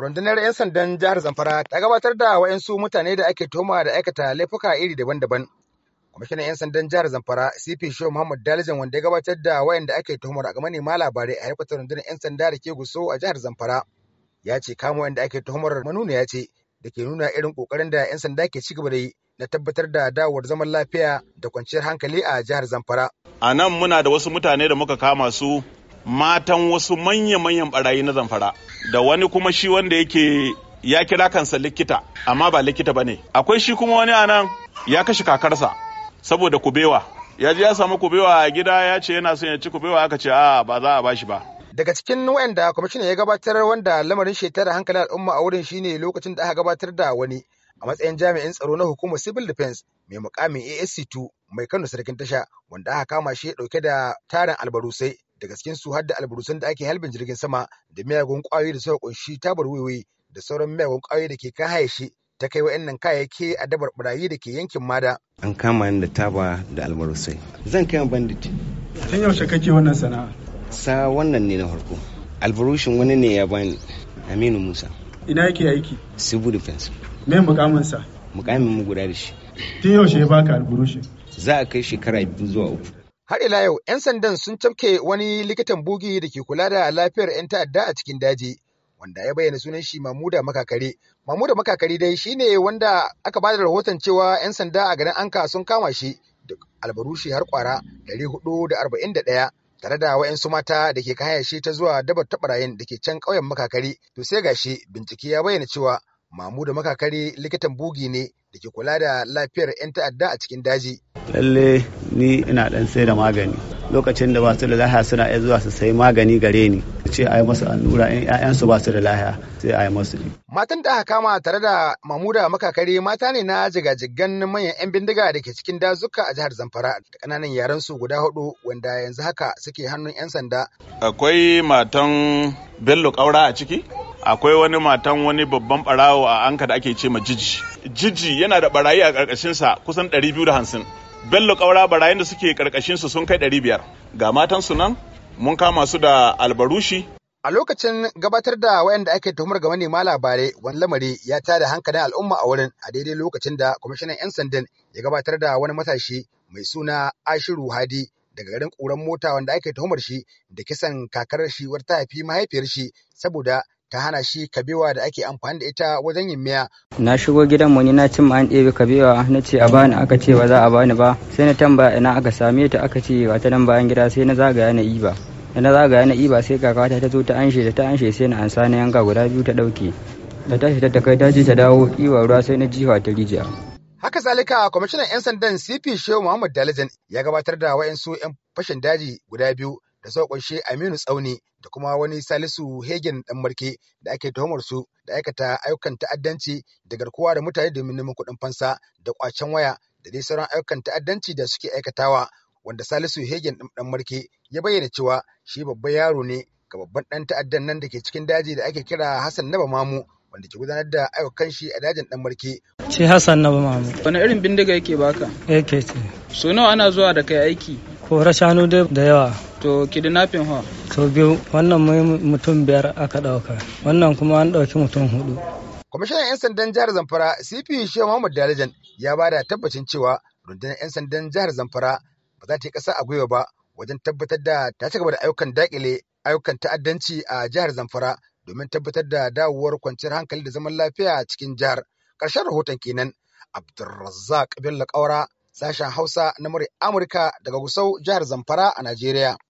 rundunar 'yan sandan jihar zamfara ta gabatar da wa'yansu mutane da ake tuhuma da aikata laifuka iri daban-daban kwamishinan 'yan sandan jihar zamfara cp show muhammad dalijan wanda ya gabatar da wayanda ake tuhumar a gamani manema labarai a harkar rundunar 'yan sanda da ke guso a jihar zamfara ya ce kamo wayanda ake tuhumar ya ce da ke nuna irin kokarin da 'yan sanda ke ci gaba da yi na tabbatar da dawowar zaman lafiya da kwanciyar hankali a jihar zamfara a nan muna da wasu mutane da muka kama su matan wasu manya-manyan barayi na zamfara da wani kuma shi wanda yake ya kira kansa likita amma ba likita ba ne akwai shi kuma wani anan ya kashe kakarsa saboda kubewa ya ji ya samu kubewa a gida ya ce yana son ya ci kubewa aka ce a ba za a bashi ba daga cikin wayanda kwamishina ya gabatar wanda lamarin shetara hankali al'umma a wurin shine lokacin da aka gabatar da wani a matsayin jami'in tsaro na hukumar civil defense mai mukamin asc2 mai kano sarkin tasha wanda aka kama shi dauke da tarin albarusai daga cikin su har da alburusan da ake halbin jirgin sama da miyagun kwayoyi da suka kunshi tabar wiwi da sauran miyagun kwayoyi da ke kan hayashi ta kai wa wa'annan kayayyaki a dabar barayi da ke yankin mada an kama ni da taba da albarusai zan kai bandit tun yaushe kake wannan sana'a sa wannan ne na farko Alburushin wani ne ya bani aminu musa ina yake aiki civil defense me mukamin sa mukamin mu guda da shi tun yaushe ya baka alburushin? za a kai shekara biyu zuwa uku Har ila yau, 'yan sandan sun cafke wani likitan bugi da ke kula da lafiyar 'yan ta'adda a cikin daji, wanda ya bayyana sunan shi Mamuda Makakare. Mamuda Makakare dai shine wanda aka bada rahoton cewa 'yan sanda a garin Anka sun kama shi da albarushi har kwara 441 tare da wa'yansu mata da ke kaya shi ta zuwa dabar tabarayin da ke can ƙauyen Makakare. To sai gashi bincike ya bayyana cewa Mamuda Makakare likitan bugi ne da ke kula da lafiyar 'yan ta'adda a cikin daji. lalle ni ina dan sai da magani lokacin da ba su da lahiya suna iya zuwa su sai magani gare ni ce a yi masu annura in 'ya'yansu ba su da lahiya sai a yi masu matan da aka kama tare da mamuda makakari mata ne na jigajigan manyan 'yan bindiga da ke cikin dazuka a jihar zamfara da kananan yaran su guda hudu wanda yanzu haka suke hannun 'yan sanda akwai matan bello kaura a ciki akwai wani matan wani babban barawo a anka da ake ce ma jiji jiji yana da barayi a ƙarƙashinsa kusan ɗari biyu da 250 bello kaura barayin da suke karkashin su sun kai 500 ga matan su nan mun kama su da albarushi a lokacin gabatar da wayanda ake tuhumar ga manema labarai wani lamari ya tada hankalin al'umma a wurin a daidai lokacin da kwamishinan 'yan sandan ya gabatar da wani matashi mai suna ashiru hadi daga garin ƙuran mota wanda ake tuhumar shi da kisan kakar shi wata ta haifi mahaifiyar shi saboda ta hana shi kabewa da ake amfani da ita wajen yin miya. Na shigo gidan mu ni na cin an ɗebe kabewa na ce a bani aka ce ba za a bani ba sai na tambaya ina aka same ta aka ce ba ta nan bayan gida sai na zagaya na iba. Da na zagaya na iba sai kakata ta zo ta anshe da ta anshe sai na ansa na yanka guda biyu ta ɗauke. Da shi ta takai ta ce ta dawo iwa ruwa sai na jiwa ta rijiya. Haka zalika kwamishinan 'yan sandan CP Shehu Muhammad Dalajan ya gabatar da wa'insu 'yan fashin daji guda biyu da suka kunshi Aminu Tsauni da kuma wani Salisu Hegen ɗan marke da ake tuhumar su da aikata ayyukan ta'addanci da garkuwa da mutane domin neman kuɗin fansa da kwacen waya da dai sauran ayyukan ta'addanci da suke aikatawa wanda Salisu Hegen dan marke ya bayyana cewa shi babban yaro ne ga babban ɗan ta'addan nan da ke cikin daji da ake kira Hassan Naba Mamu wanda ke gudanar da ayyukan shi a dajin dan marke. Ce Hassan Naba Mamu. Wani irin bindiga yake baka? Yake ce. So nawa ana zuwa da kai aiki? kora shanu dai da yawa to kidnapping ho to biyu wannan mutum biyar aka dauka wannan kuma an dauki mutum hudu kwamishinan 'yan sandan jihar zamfara cp shehu muhammad dalajan ya bada tabbacin cewa rundunar 'yan sandan jihar zamfara ba za ta yi kasa a gwiwa ba wajen tabbatar da ta ci gaba da ayyukan dakile ayyukan ta'addanci a jihar zamfara domin tabbatar da dawowar kwanciyar hankali da zaman lafiya cikin jihar ƙarshen rahoton kenan abdulrazzaq bello kaura Sashen Hausa na Amurka daga Gusau, jihar Zamfara a Najeriya.